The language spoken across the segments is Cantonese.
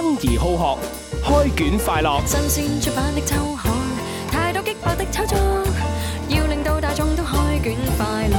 生而好學，開卷快樂。新鮮出版的《秋寒》，太多激烈的炒作，要令到大眾都開卷快樂。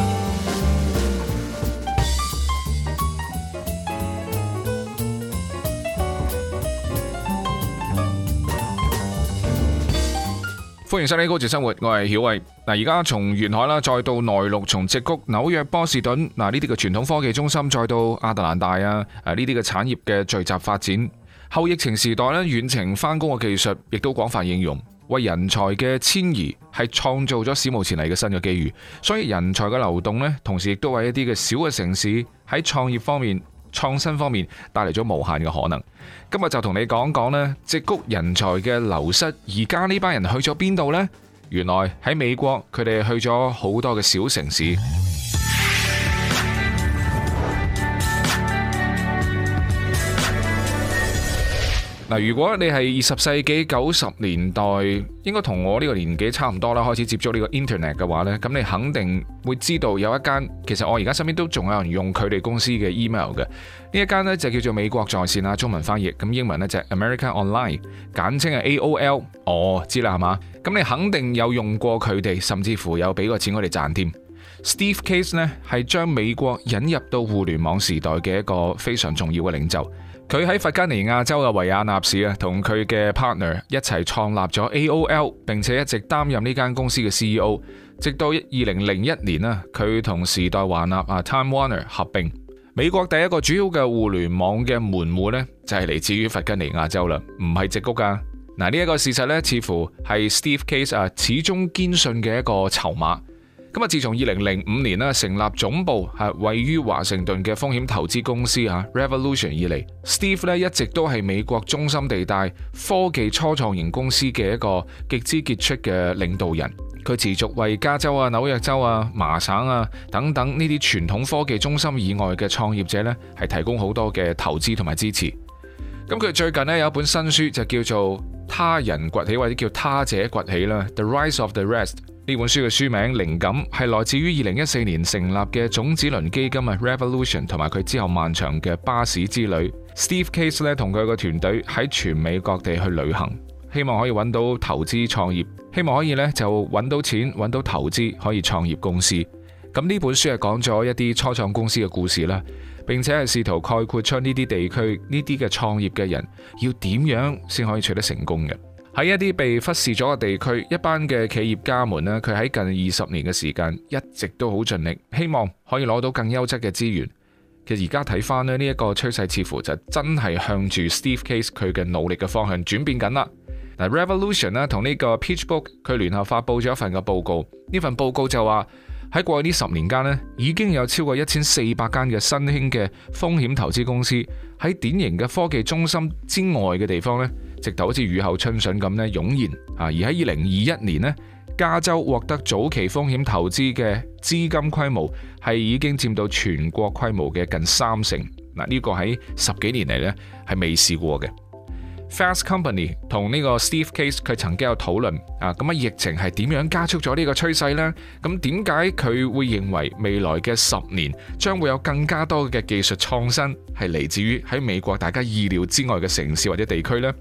歡迎收睇《高節生活》，我係曉慧。嗱，而家從沿海啦，再到內陸，從直谷、紐約、波士頓，嗱呢啲嘅傳統科技中心，再到亞特蘭大啊，啊呢啲嘅產業嘅聚集發展。後疫情時代咧，遠程返工嘅技術亦都廣泛應用，為人才嘅遷移係創造咗史無前例嘅新嘅機遇。所以人才嘅流動咧，同時亦都為一啲嘅小嘅城市喺創業方面、創新方面帶嚟咗無限嘅可能。今日就同你講講呢，矽谷人才嘅流失，而家呢班人去咗邊度呢？原來喺美國，佢哋去咗好多嘅小城市。嗱，如果你係二十世紀九十年代，應該同我呢個年紀差唔多啦，開始接觸呢個 Internet 嘅話呢，咁你肯定會知道有一間，其實我而家身邊都仲有人用佢哋公司嘅 email 嘅，呢一間呢，就叫做美國在線啊，中文翻譯，咁英文呢，就係 American Online，簡稱係 AOL。哦，知啦，係嘛？咁你肯定有用過佢哋，甚至乎有俾過錢佢哋賺添。Steve Case 呢，係將美國引入到互聯網時代嘅一個非常重要嘅領袖。佢喺佛吉尼亞州嘅維亞納市啊，同佢嘅 partner 一齊創立咗 AOL，並且一直擔任呢間公司嘅 CEO，直到二零零一年啊，佢同時代華納啊 Time Warner 合併，美國第一個主要嘅互聯網嘅門戶呢，就係嚟自於佛吉尼亞州啦，唔係矽谷噶。嗱，呢一個事實呢，似乎係 Steve Case 啊始終堅信嘅一個籌碼。咁啊！自從二零零五年咧成立總部係位於華盛頓嘅風險投資公司嚇 Revolution 以嚟，Steve 咧一直都係美國中心地帶科技初創型公司嘅一個極之傑出嘅領導人。佢持續為加州啊、紐約州啊、麻省啊等等呢啲傳統科技中心以外嘅創業者呢係提供好多嘅投資同埋支持。咁佢最近呢有一本新書就叫做《他人崛起》或者叫《他者崛起》啦，《The Rise of the Rest》。呢本書嘅書名靈感係來自於二零一四年成立嘅種子輪基金啊，Revolution 同埋佢之後漫長嘅巴士之旅。Steve Case 咧同佢個團隊喺全美各地去旅行，希望可以揾到投資創業，希望可以咧就揾到錢揾到投資可以創業公司。咁呢本書係講咗一啲初創公司嘅故事啦，並且係試圖概括出呢啲地區呢啲嘅創業嘅人要點樣先可以取得成功嘅。喺一啲被忽視咗嘅地區，一班嘅企業家們咧，佢喺近二十年嘅時間一直都好盡力，希望可以攞到更優質嘅資源。其實而家睇翻呢一個趨勢，似乎就真係向住 Steve Case 佢嘅努力嘅方向轉變緊啦。嗱，Revolution 咧同呢個 PitchBook 佢聯合發佈咗一份嘅報告，呢份報告就話喺過去呢十年間咧已經有超過一千四百間嘅新興嘅風險投資公司喺典型嘅科技中心之外嘅地方咧直到好似雨後春筍咁咧湧現啊！而喺二零二一年呢，加州獲得早期風險投資嘅資金規模係已經佔到全國規模嘅近三成嗱，呢個喺十幾年嚟呢係未試過嘅。Fast Company 同呢個 Steve Case 佢曾經有討論啊，咁啊疫情係點樣加速咗呢個趨勢呢？咁點解佢會認為未來嘅十年將會有更加多嘅技術創新係嚟自於喺美國大家意料之外嘅城市或者地區呢？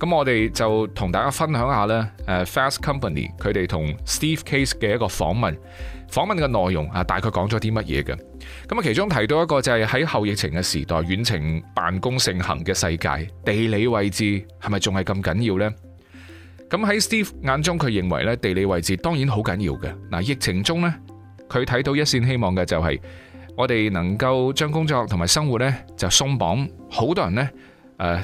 咁我哋就同大家分享下啦。Fast Company 佢哋同 Steve Case 嘅一個訪問，訪問嘅內容啊，大概講咗啲乜嘢嘅。咁啊，其中提到一個就係喺後疫情嘅時代，遠程辦公盛行嘅世界，地理位置係咪仲係咁緊要呢？咁喺 Steve 眼中，佢認為呢地理位置當然好緊要嘅。嗱，疫情中呢，佢睇到一線希望嘅就係我哋能夠將工作同埋生活呢就鬆綁，好多人呢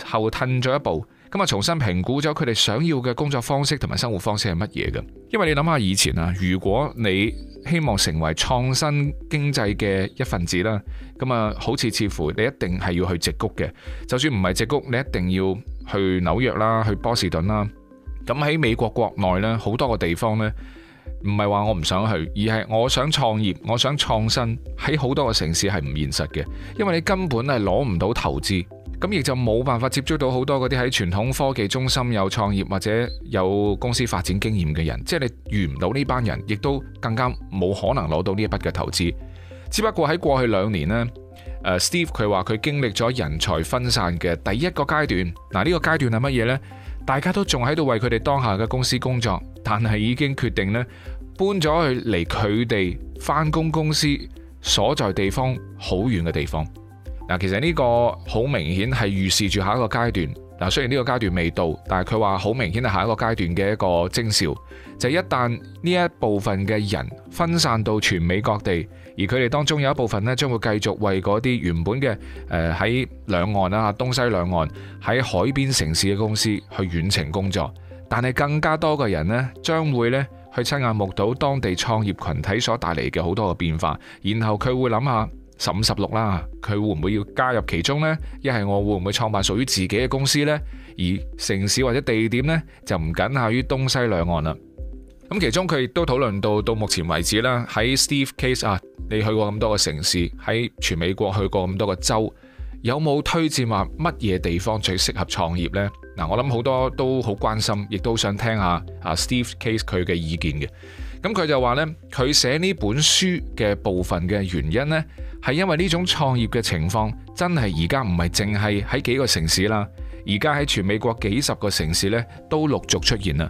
後褪咗一步。咁啊，重新評估咗佢哋想要嘅工作方式同埋生活方式係乜嘢嘅。因為你諗下以前啊，如果你希望成為創新經濟嘅一份子啦，咁啊，好似似乎你一定係要去矽谷嘅，就算唔係矽谷，你一定要去紐約啦，去波士頓啦。咁喺美國國內呢，好多個地方呢，唔係話我唔想去，而係我想創業，我想創新，喺好多個城市係唔現實嘅，因為你根本係攞唔到投資。咁亦就冇辦法接觸到好多嗰啲喺傳統科技中心有創業或者有公司發展經驗嘅人，即係你遇唔到呢班人，亦都更加冇可能攞到呢一筆嘅投資。只不過喺過去兩年呢、嗯、Steve 佢話佢經歷咗人才分散嘅第一個階段。嗱，呢個階段係乜嘢呢？大家都仲喺度為佢哋當下嘅公司工作，但係已經決定呢，搬咗去離佢哋翻工公司所在地方好遠嘅地方。嗱，其實呢個好明顯係預示住下一個階段。嗱，雖然呢個階段未到，但係佢話好明顯係下一個階段嘅一個徵兆，就係、是、一旦呢一部分嘅人分散到全美各地，而佢哋當中有一部分呢將會繼續為嗰啲原本嘅誒喺兩岸啦、東西兩岸喺海邊城市嘅公司去遠程工作，但係更加多嘅人呢，將會呢去親眼目睹當地創業群體所帶嚟嘅好多嘅變化，然後佢會諗下。十五十六啦，佢會唔會要加入其中呢？一係我會唔會創辦屬於自己嘅公司呢？而城市或者地點呢，就唔僅限於東西兩岸啦。咁其中佢亦都討論到到目前為止啦，喺 Steve Case 啊，你去過咁多個城市，喺全美國去過咁多個州，有冇推薦話乜嘢地方最適合創業呢？嗱，我諗好多都好關心，亦都想聽下啊 Steve Case 佢嘅意見嘅。咁佢就話呢，佢寫呢本書嘅部分嘅原因呢，係因為呢種創業嘅情況真係而家唔係淨係喺幾個城市啦，而家喺全美國幾十個城市呢都陸續出現啦。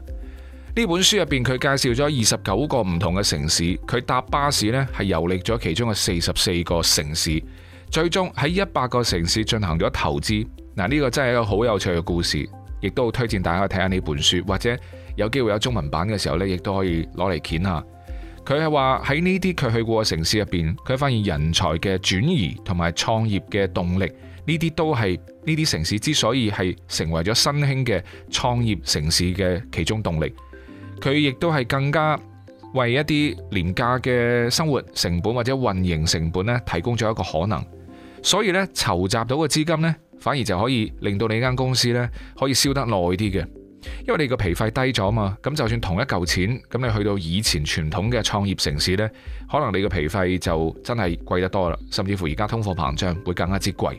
呢本書入邊佢介紹咗二十九個唔同嘅城市，佢搭巴士呢係遊歷咗其中嘅四十四個城市，最終喺一百個城市進行咗投資。嗱、這、呢個真係一個好有趣嘅故事，亦都推薦大家睇下呢本書或者。有機會有中文版嘅時候呢，亦都可以攞嚟攪下。佢係話喺呢啲佢去過嘅城市入邊，佢發現人才嘅轉移同埋創業嘅動力，呢啲都係呢啲城市之所以係成為咗新興嘅創業城市嘅其中動力。佢亦都係更加為一啲廉價嘅生活成本或者運營成本呢提供咗一個可能。所以呢，籌集到嘅資金呢，反而就可以令到你間公司呢可以燒得耐啲嘅。因為你個皮費低咗嘛，咁就算同一嚿錢，咁你去到以前傳統嘅創業城市呢，可能你個皮費就真係貴得多啦，甚至乎而家通貨膨脹會更加之貴。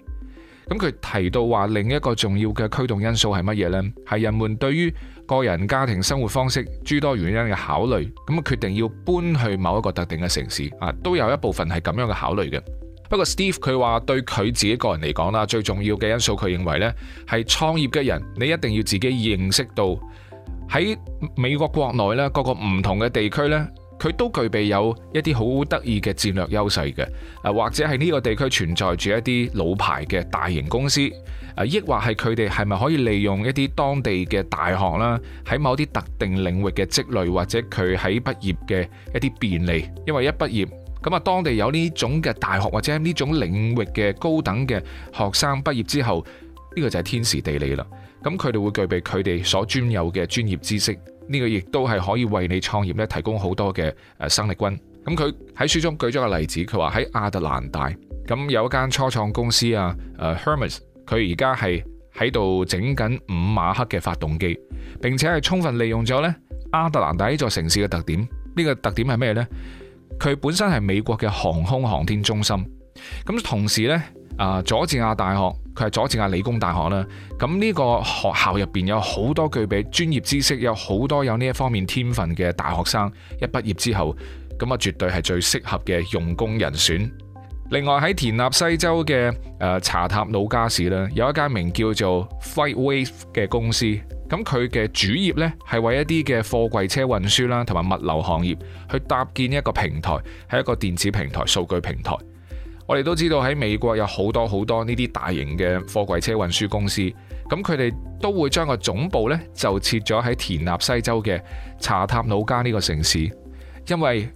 咁佢提到話另一個重要嘅驅動因素係乜嘢呢？係人們對於個人家庭生活方式諸多原因嘅考慮，咁啊決定要搬去某一個特定嘅城市啊，都有一部分係咁樣嘅考慮嘅。不過，Steve 佢話對佢自己個人嚟講啦，最重要嘅因素佢認為呢係創業嘅人，你一定要自己認識到喺美國國內呢，各個唔同嘅地區呢，佢都具備有一啲好得意嘅戰略優勢嘅，啊或者係呢個地區存在住一啲老牌嘅大型公司，啊抑或係佢哋係咪可以利用一啲當地嘅大學啦，喺某啲特定領域嘅積累，或者佢喺畢業嘅一啲便利，因為一畢業。咁啊，當地有呢種嘅大學或者呢種領域嘅高等嘅學生畢業之後，呢個就係天時地利啦。咁佢哋會具備佢哋所專有嘅專業知識，呢個亦都係可以為你創業咧提供好多嘅生力軍。咁佢喺書中舉咗個例子，佢話喺亞特蘭大，咁有一間初創公司啊，Hermes，佢而家係喺度整緊五馬赫嘅發動機，並且係充分利用咗呢亞特蘭大呢座城市嘅特點。呢個特點係咩呢？佢本身係美國嘅航空航天中心，咁同時呢，啊佐治亞大學佢係佐治亞理工大學啦，咁呢個學校入邊有好多具備專業知識，有好多有呢一方面天分嘅大學生，一畢業之後咁啊，就絕對係最適合嘅用工人選。另外喺田納西州嘅誒查塔努加市呢，有一間名叫做 FightWave 嘅公司。咁佢嘅主業呢，係為一啲嘅貨櫃車運輸啦，同埋物流行業去搭建一個平台，係一個電子平台，數據平台。我哋都知道喺美國有好多好多呢啲大型嘅貨櫃車運輸公司，咁佢哋都會將個總部呢，就設咗喺田納西州嘅查塔努加呢個城市，因為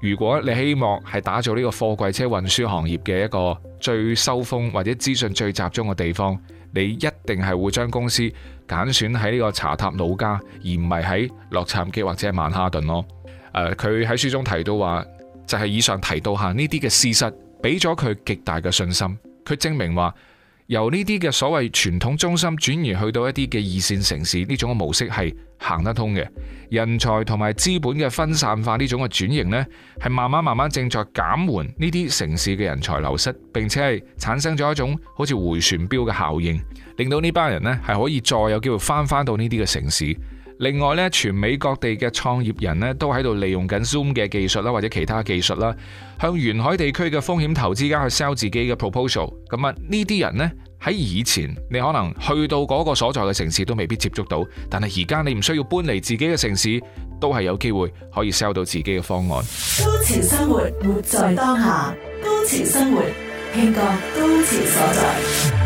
如果你希望係打造呢個貨櫃車運輸行業嘅一個最收風或者資訊最集中嘅地方，你一定係會將公司。揀選喺呢個查塔老家，而唔係喺洛杉磯或者曼哈頓咯。誒、呃，佢喺書中提到話，就係、是、以上提到下呢啲嘅事實，俾咗佢極大嘅信心。佢證明話，由呢啲嘅所謂傳統中心轉移去到一啲嘅二線城市呢種嘅模式係行得通嘅，人才同埋資本嘅分散化呢種嘅轉型呢，係慢慢慢慢正在減緩呢啲城市嘅人才流失，並且係產生咗一種好似回旋標嘅效應，令到呢班人呢，係可以再有機會返返到呢啲嘅城市。另外咧，全美各地嘅創業人咧都喺度利用緊 Zoom 嘅技術啦，或者其他技術啦，向沿海地區嘅風險投資家去 sell 自己嘅 proposal。咁啊，呢啲人咧喺以前，你可能去到嗰個所在嘅城市都未必接觸到，但係而家你唔需要搬離自己嘅城市，都係有機會可以 sell 到自己嘅方案。高潮生活，活在當下。高潮生活，聽個高潮所在。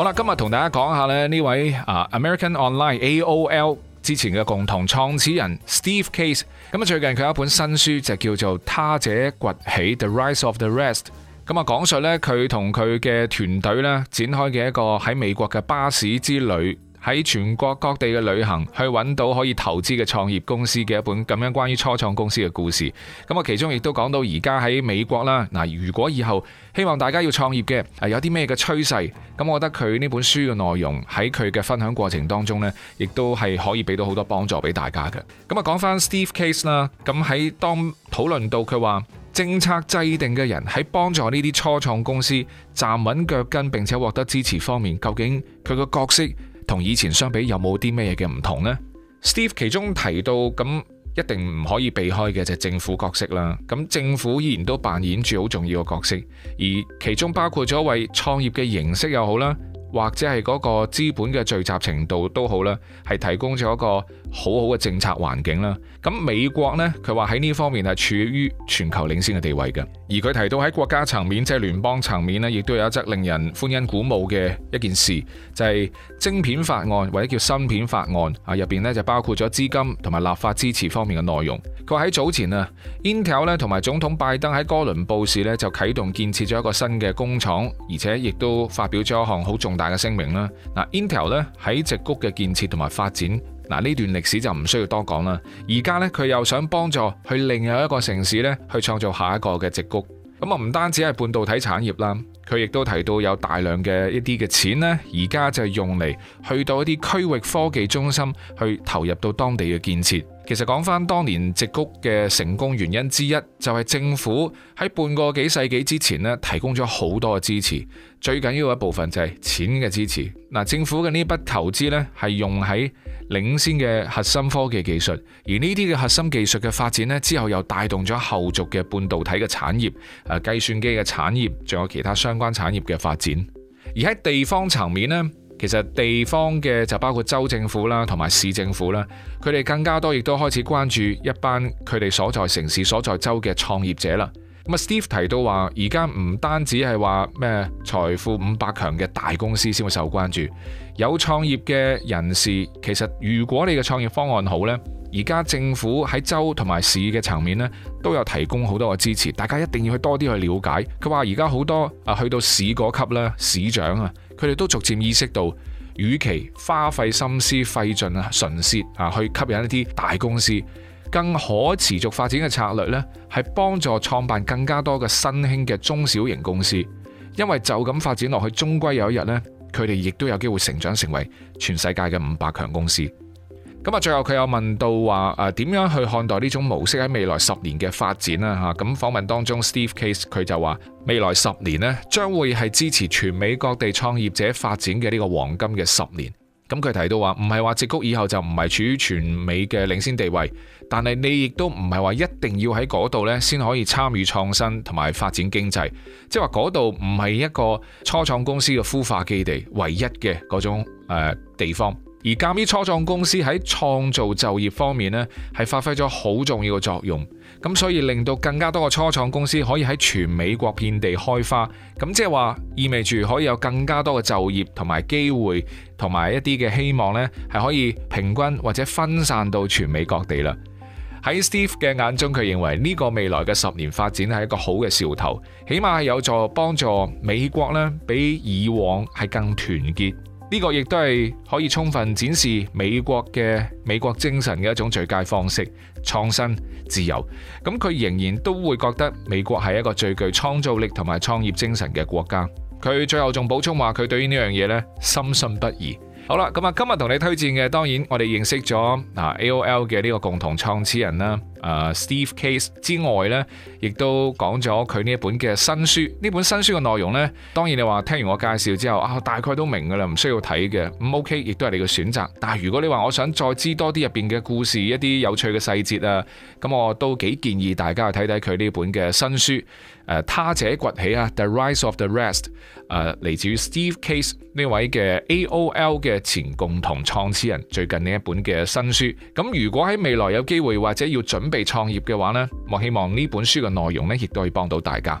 好啦，今日同大家講下咧呢位啊 well, American Online AOL 之前嘅共同創始人 Steve Case。咁啊，最近佢有一本新書就叫做《他者崛起》The Rise of the Rest。咁啊，講述咧佢同佢嘅團隊咧展開嘅一個喺美國嘅巴士之旅喺全國各地嘅旅行去揾到可以投資嘅創業公司嘅一本咁樣關於初創公司嘅故事。咁啊，其中亦都講到而家喺美國啦。嗱，如果以後希望大家要創業嘅，啊有啲咩嘅趨勢？咁我覺得佢呢本書嘅內容喺佢嘅分享過程當中呢，亦都係可以俾到好多幫助俾大家嘅。咁啊，講翻 Steve Case 啦。咁喺當討論到佢話政策制定嘅人喺幫助呢啲初創公司站穩腳跟並且獲得支持方面，究竟佢個角色？同以前相比，有冇啲咩嘅唔同呢？Steve，其中提到咁，一定唔可以避開嘅就係政府角色啦。咁政府依然都扮演住好重要嘅角色，而其中包括咗為創業嘅形式又好啦，或者係嗰個資本嘅聚集程度都好啦，係提供咗一個好好嘅政策環境啦。咁美國呢，佢話喺呢方面係處於全球領先嘅地位嘅。而佢提到喺國家層面，即係聯邦層面呢，亦都有一則令人歡欣鼓舞嘅一件事，就係晶片法案或者叫芯片法案啊入面呢，就包括咗資金同埋立法支持方面嘅內容。佢話喺早前啊 ，Intel 呢同埋總統拜登喺哥倫布市呢，就啟動建設咗一個新嘅工廠，而且亦都發表咗一項好重大嘅聲明啦。嗱，Intel 呢喺直谷嘅建設同埋發展。嗱，呢段歷史就唔需要多講啦。而家呢，佢又想幫助去另外一個城市呢，去創造下一個嘅矽谷。咁啊，唔單止係半導體產業啦，佢亦都提到有大量嘅一啲嘅錢呢，而家就係用嚟去到一啲區域科技中心去投入到當地嘅建設。其實講翻當年矽谷嘅成功原因之一，就係政府喺半個幾世紀之前呢，提供咗好多嘅支持。最緊要一部分就係錢嘅支持。嗱，政府嘅呢筆投資呢，係用喺領先嘅核心科技技術，而呢啲嘅核心技術嘅發展呢，之後又帶動咗後續嘅半導體嘅產業、計算機嘅產業，仲有其他相關產業嘅發展。而喺地方層面呢。其實地方嘅就包括州政府啦，同埋市政府啦，佢哋更加多亦都開始關注一班佢哋所在城市、所在州嘅創業者啦。咁 Steve 提到話，而家唔單止係話咩財富五百強嘅大公司先會受關注，有創業嘅人士，其實如果你嘅創業方案好呢。而家政府喺州同埋市嘅層面咧，都有提供好多嘅支持，大家一定要去多啲去了解。佢話：而家好多啊，去到市嗰級咧，市長啊，佢哋都逐漸意識到，與其花費心思費盡啊，唇舌啊去吸引一啲大公司，更可持續發展嘅策略咧，係幫助創辦更加多嘅新興嘅中小型公司，因為就咁發展落去，終歸有一日咧，佢哋亦都有機會成長成為全世界嘅五百強公司。咁啊，最後佢又問到話，誒，點樣去看待呢種模式喺未來十年嘅發展啦？嚇，咁訪問當中，Steve Case 佢就話：未來十年呢，將會係支持全美各地創業者發展嘅呢個黃金嘅十年。咁佢提到話，唔係話矽谷以後就唔係處於全美嘅領先地位，但係你亦都唔係話一定要喺嗰度呢先可以參與創新同埋發展經濟，即係話嗰度唔係一個初創公司嘅孵化基地唯一嘅嗰種、呃、地方。而鑑於初創公司喺創造就業方面呢，係發揮咗好重要嘅作用，咁所以令到更加多嘅初創公司可以喺全美國遍地開花，咁即係話意味住可以有更加多嘅就業同埋機會同埋一啲嘅希望呢，係可以平均或者分散到全美各地啦。喺 Steve 嘅眼中，佢認為呢個未來嘅十年發展係一個好嘅兆頭，起碼係有助幫助美國呢，比以往係更團結。呢個亦都係可以充分展示美國嘅美國精神嘅一種最佳方式，創新、自由。咁佢仍然都會覺得美國係一個最具創造力同埋創業精神嘅國家。佢最後仲補充話，佢對於呢樣嘢呢，深信不疑。好啦，咁啊，今日同你推薦嘅，當然我哋認識咗啊 AOL 嘅呢個共同創始人啦，啊，Steve Case 之外呢，亦都講咗佢呢一本嘅新書。呢本新書嘅內容呢，當然你話聽完我介紹之後啊，大概都明㗎啦，唔需要睇嘅，唔 OK，亦都係你嘅選擇。但係如果你話我想再知多啲入便嘅故事，一啲有趣嘅細節啊，咁我都幾建議大家去睇睇佢呢本嘅新書。誒他者崛起啊，The Rise of the Rest，誒嚟自於 Steve Case 呢位嘅 AOL 嘅前共同創始人最近呢一本嘅新書。咁如果喺未來有機會或者要準備創業嘅話咧，我希望呢本書嘅內容呢，亦都可以幫到大家。